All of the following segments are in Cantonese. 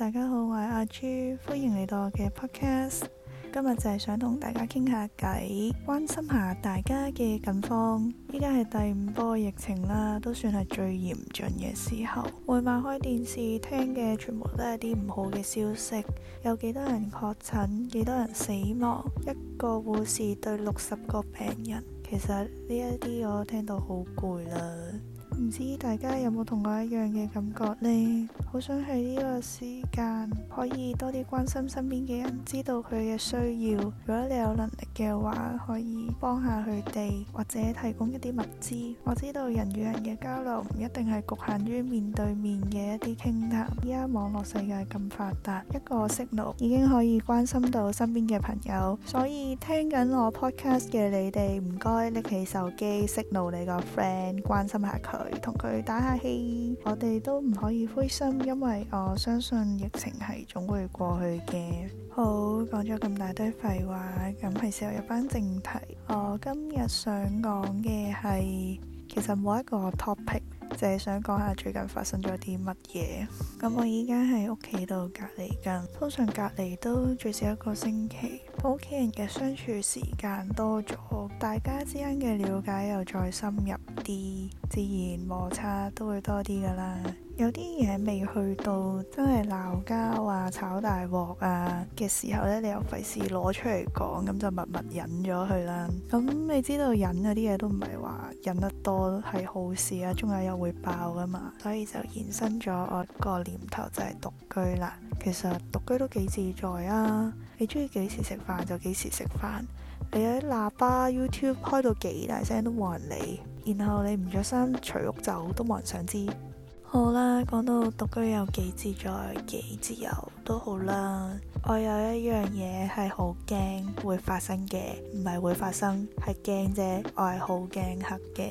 大家好，我係阿朱，歡迎嚟到我嘅 podcast。今日就係想同大家傾下偈，關心下大家嘅近況。依家係第五波疫情啦，都算係最嚴峻嘅時候。每晚開電視聽嘅全部都係啲唔好嘅消息，有幾多人確診，幾多人死亡，一個護士對六十個病人。其實呢一啲我都聽到好攰啦。唔知大家有冇同我一樣嘅感覺呢？好想喺呢個時間可以多啲關心身邊嘅人，知道佢嘅需要。如果你有能力嘅話，可以幫下佢哋，或者提供一啲物資。我知道人與人嘅交流唔一定係局限於面對面嘅一啲傾談。依家網絡世界咁發達，一個 Signal 已經可以關心到身邊嘅朋友。所以聽緊我 Podcast 嘅你哋，唔該拎起手機 Signal 你個 friend，關心下佢。同佢打下氣，我哋都唔可以灰心，因為我相信疫情係總會過去嘅。好，講咗咁大堆廢話，咁係時候入返正題。我今日想講嘅係，其實冇一個 topic，就係想講下最近發生咗啲乜嘢。咁我依家喺屋企度隔離緊，通常隔離都最少一個星期。屋企人嘅相處時間多咗，大家之間嘅了解又再深入啲，自然摩擦都會多啲噶啦。有啲嘢未去到真係鬧交啊、炒大鑊啊嘅時候呢，你又費事攞出嚟講，咁就默默忍咗佢啦。咁、嗯、你知道忍嗰啲嘢都唔係話忍得多係好事啊，終有日又會爆噶嘛。所以就延伸咗我個念頭就係獨居啦。其實獨居都幾自在啊，你中意幾時食飯？飯就幾時食飯，你喺喇叭 YouTube 開到幾大聲都冇人理，然後你唔着衫除屋走都冇人想知。好啦，講到獨居有幾自在，幾自由都好啦。我有一樣嘢係好驚會發生嘅，唔係會發生，係驚啫。我係好驚黑嘅，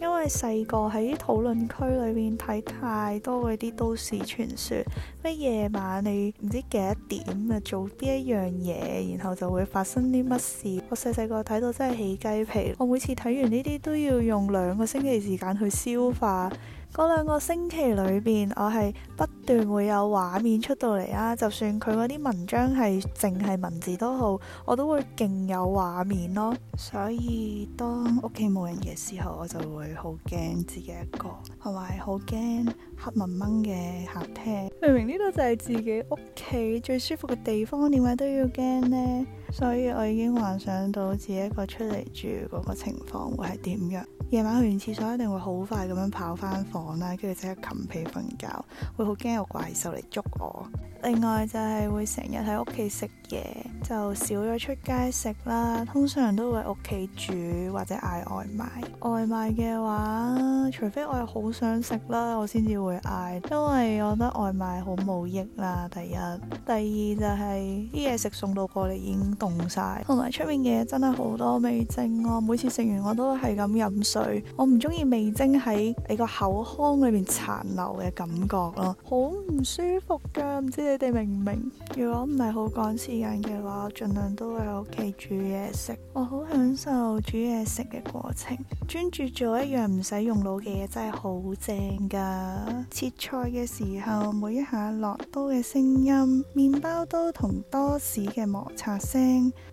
因為細個喺討論區裏面睇太多嗰啲都市傳說，咩夜晚你唔知幾多點啊做邊一樣嘢，然後就會發生啲乜事。我細細個睇到真係起雞皮，我每次睇完呢啲都要用兩個星期時間去消化。嗰兩個星期裏邊，我係不斷會有畫面出到嚟啊！就算佢嗰啲文章係淨係文字都好，我都會勁有畫面咯。所以當屋企冇人嘅時候，我就會好驚自己一個，同埋好驚黑蚊蚊嘅客廳。明明呢度就係自己屋企最舒服嘅地方，點解都要驚呢？所以我已經幻想到自己一個出嚟住嗰個情況會係點樣。夜晚去完廁所一定會好快咁樣跑翻房啦，跟住就即刻冚被瞓覺，會好驚有怪獸嚟捉我。另外就係會成日喺屋企食嘢，就少咗出街食啦。通常都會喺屋企煮或者嗌外賣。外賣嘅話，除非我係好想食啦，我先至會嗌，因為我覺得外賣好冇益啦。第一，第二就係啲嘢食送到過嚟已經凍晒同埋出面嘅嘢真係好多味精啊！每次食完我都係咁飲水，我唔中意味精喺你個口腔裏面殘留嘅感覺咯，好唔舒服㗎！唔知你哋明唔明？如果唔係好趕時間嘅話，我盡量都會喺屋企煮嘢食，我好享受煮嘢食嘅過程，專注做一樣唔使用腦嘅嘢真係好正㗎！切菜嘅時候每一下落刀嘅聲音，麵包刀同多士嘅摩擦聲。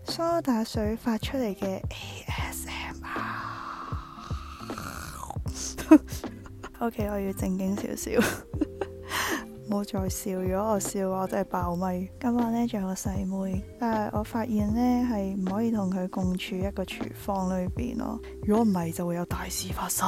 梳打水發出嚟嘅 ASMR。 OK，我要正經少少，冇 再笑。如果我笑，我真係爆咪。今晚呢，仲有個細妹，妹，但係我發現呢，係唔可以同佢共處一個廚房裏邊咯。如果唔係，就會有大事發生。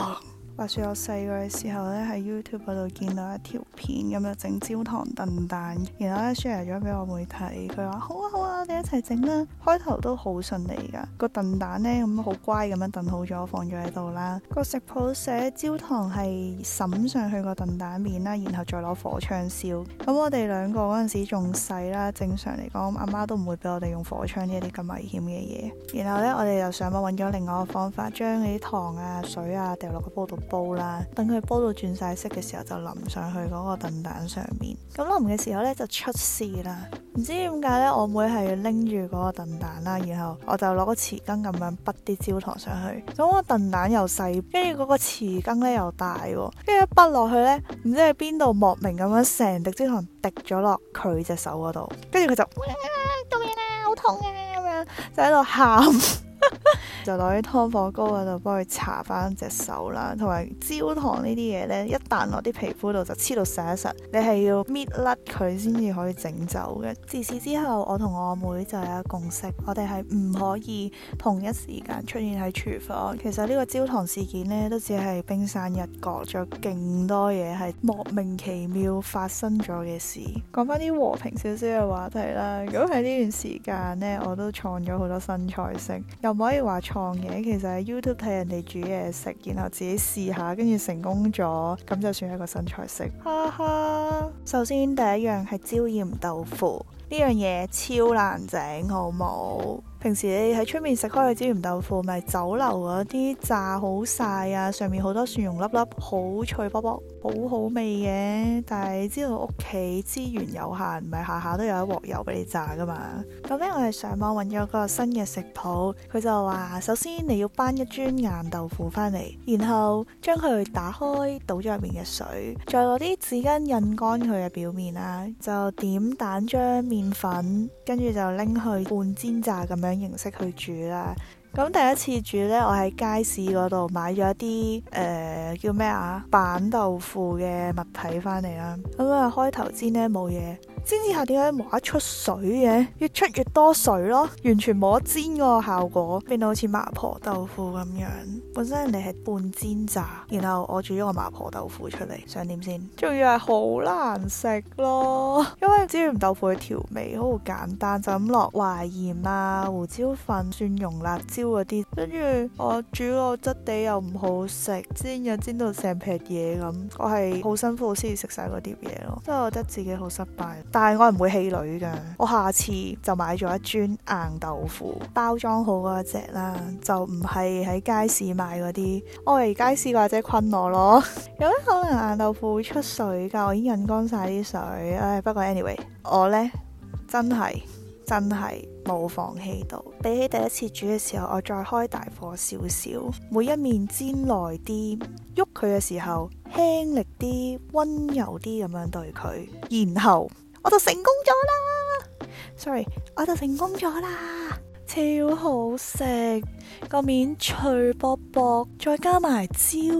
話説我細個嘅時候咧，喺 YouTube 嗰度見到一條片咁樣整焦糖燉蛋，然後咧 share 咗俾我妹睇，佢話好啊，好啊，我哋、啊、一齊整啦。開頭都好順利㗎，個燉蛋呢，咁好乖咁樣燉好咗，放咗喺度啦。個食譜寫焦糖係滲上去個燉蛋面啦，然後再攞火槍燒。咁我哋兩個嗰陣時仲細啦，正常嚟講，阿媽都唔會俾我哋用火槍呢啲咁危險嘅嘢。然後呢，我哋就上網揾咗另外一個方法，將啲糖啊、水啊掉落個煲度。煲啦，等佢煲到轉晒色嘅時候，就淋上去嗰個燉蛋上面。咁淋嘅時候呢，就出事啦，唔知點解呢，我妹係拎住嗰個燉蛋啦，然後我就攞個匙羹咁樣滗啲焦糖上去。咁個燉蛋又細，跟住嗰個匙羹呢又大，跟住一滗落去呢，唔知喺邊度莫名咁樣成滴焦糖滴咗落佢隻手嗰度，跟住佢就咁、啊、救命啊，好痛啊，咁樣就喺度喊。就攞啲湯火膏嗰度幫佢搽翻隻手啦，同埋焦糖呢啲嘢呢，一旦落啲皮膚度就黐到死實，你係要搣甩佢先至可以整走嘅。自此之後，我同我阿妹就有一個共識，我哋係唔可以同一時間出現喺廚房。其實呢個焦糖事件呢，都只係冰山一角，仲有勁多嘢係莫名其妙發生咗嘅事。講翻啲和平少少嘅話題啦，如果喺呢段時間呢，我都創咗好多新菜式，又唔可以話。創嘢，其實喺 YouTube 睇人哋煮嘢食，然後自己試下，跟住成功咗，咁就算係一個新菜式。哈哈！首先第一樣係椒鹽豆腐，呢樣嘢超難整，好冇？平時你喺出面食開嘅椒鹽豆腐，咪酒樓嗰啲炸好晒啊，上面好多蒜蓉粒粒，好脆卜卜，好好味嘅。但係知道屋企資源有限，唔係下下都有一鑊油俾你炸噶嘛。咁咧，我哋上網揾咗個新嘅食譜，佢就話：首先你要搬一磚硬豆腐翻嚟，然後將佢打開，倒咗入面嘅水，再攞啲紙巾印乾佢嘅表面啦，就點蛋漿、麵粉，跟住就拎去半煎炸咁樣。形式去煮啦，咁第一次煮呢，我喺街市嗰度買咗一啲誒、呃、叫咩啊板豆腐嘅物體翻嚟啦，咁啊開頭先呢冇嘢。先知下點解冇得出水嘅，越出越多水咯，完全冇得煎嗰個效果，變到好似麻婆豆腐咁樣。本身人哋係半煎炸，然後我煮咗個麻婆豆腐出嚟，想點先？仲要係好難食咯，因為煎完豆腐嘅調味好簡單，就咁落淮鹽啊、胡椒粉、蒜蓉、辣椒嗰啲，跟住我煮個質地又唔好食，煎又煎到成劈嘢咁，我係好辛苦先食晒嗰碟嘢咯，真係覺得自己好失敗。但係我唔會氣餒㗎。我下次就買咗一樽硬豆腐，包裝好嗰隻啦，就唔係喺街市買嗰啲。我、哎、嚟街市或者困我咯，有 咩、嗯、可能硬豆腐會出水㗎？我已經印乾晒啲水。唉，不過 anyway，我呢真係真係冇放棄到。比起第一次煮嘅時候，我再開大火少少，每一面煎耐啲，喐佢嘅時候輕力啲、溫柔啲咁樣對佢，然後。我就成功咗啦！Sorry，我就成功咗啦！超好食，個面脆卜卜，再加埋椒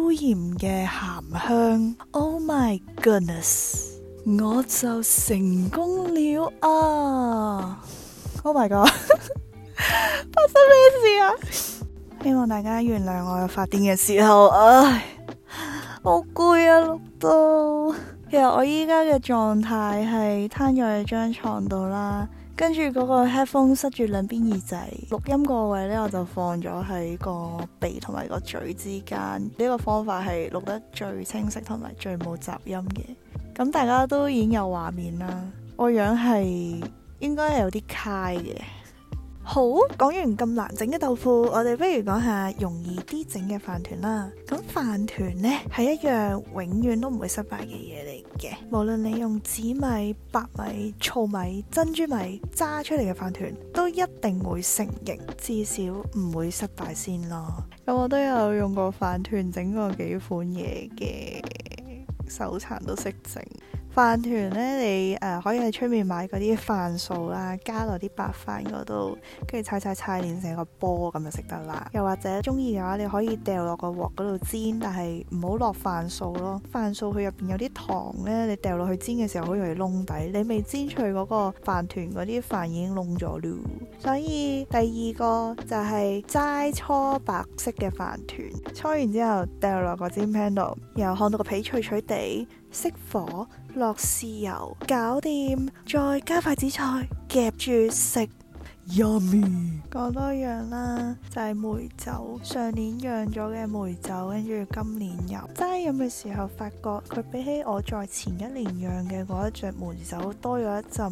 鹽嘅鹹香。Oh my goodness，我就成功了啊！Oh my god， 發生咩事啊？希望大家原諒我有發癲嘅時候。唉，好攰啊，碌到。其實我依家嘅狀態係攤咗喺張床度啦，跟住嗰個 headphone 塞住兩邊耳仔，錄音個位呢，我就放咗喺個鼻同埋個嘴之間，呢個方法係錄得最清晰同埋最冇雜音嘅。咁大家都已經有畫面啦，我樣係應該係有啲卡嘅。好，講完咁難整嘅豆腐，我哋不如講下容易啲整嘅飯團啦。咁飯團呢，係一樣永遠都唔會失敗嘅嘢嚟嘅，無論你用紫米、白米、糙米、珍珠米揸出嚟嘅飯團，都一定會成形，至少唔會失敗先咯。咁我都有用過飯團整過幾款嘢嘅，手殘都識整。飯團咧，你誒、呃、可以喺出面買嗰啲飯餸啦，加落啲白飯嗰度，跟住踩踩踩，連成一個波咁就食得啦。又或者中意嘅話，你可以掉落個鑊嗰度煎，但係唔好落飯餸咯。飯餸佢入邊有啲糖咧，你掉落去煎嘅時候好容易燶底，你未煎脆嗰個飯團嗰啲飯已經燶咗了，了。所以第二個就係齋搓白色嘅飯團，搓完之後掉落個煎 pan 度，然後看到個皮脆脆地。熄火，落豉油，搞掂，再加塊紫菜，夾住食。Yummy 講多樣啦，就係、是、梅酒。上年釀咗嘅梅酒，跟住今年飲。齋飲嘅時候，發覺佢比起我再前一年釀嘅嗰一隻梅酒，多咗一陣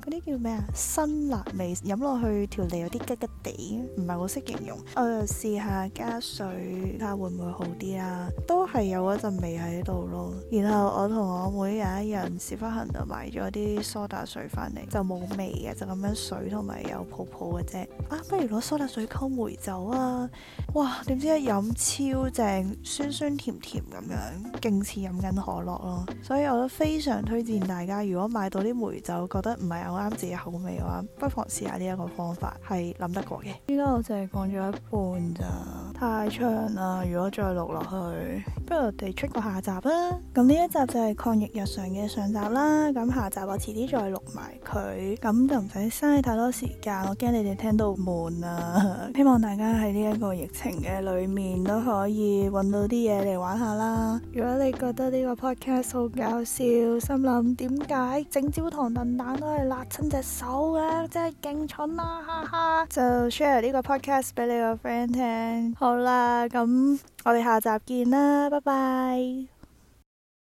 嗰啲叫咩啊？辛辣味，飲落去條脷有啲吉吉地，唔係好識形容。我就試下加水，睇下會唔會好啲啦、啊。都係有一陣味喺度咯。然後我同我妹有一日，屎忽痕就買咗啲梳打水翻嚟，就冇味嘅，就咁樣水同埋有。有泡泡嘅啫啊，不如攞蘇打水溝梅酒啊，哇，點知一飲超正，酸酸甜甜咁樣，勁似飲緊可樂咯。所以我都非常推薦大家，如果買到啲梅酒覺得唔係好啱自己口味嘅話，不妨試下呢一個方法，係諗得過嘅。依家我淨係講咗一半咋，太長啦，如果再錄落去，不如我哋出個下集啦。咁呢一集就係抗疫日常嘅上集啦，咁下集我遲啲再錄埋佢，咁就唔使嘥太多時間。我驚你哋聽到悶啊！希望大家喺呢一個疫情嘅裏面都可以揾到啲嘢嚟玩下啦。如果你覺得呢個 podcast 好搞笑，心諗點解整焦糖燉蛋都係辣親隻手啊？真係勁蠢啦，啊，哈哈！就 share 呢個 podcast 俾你個 friend 聽。好啦，咁我哋下集見啦，拜拜！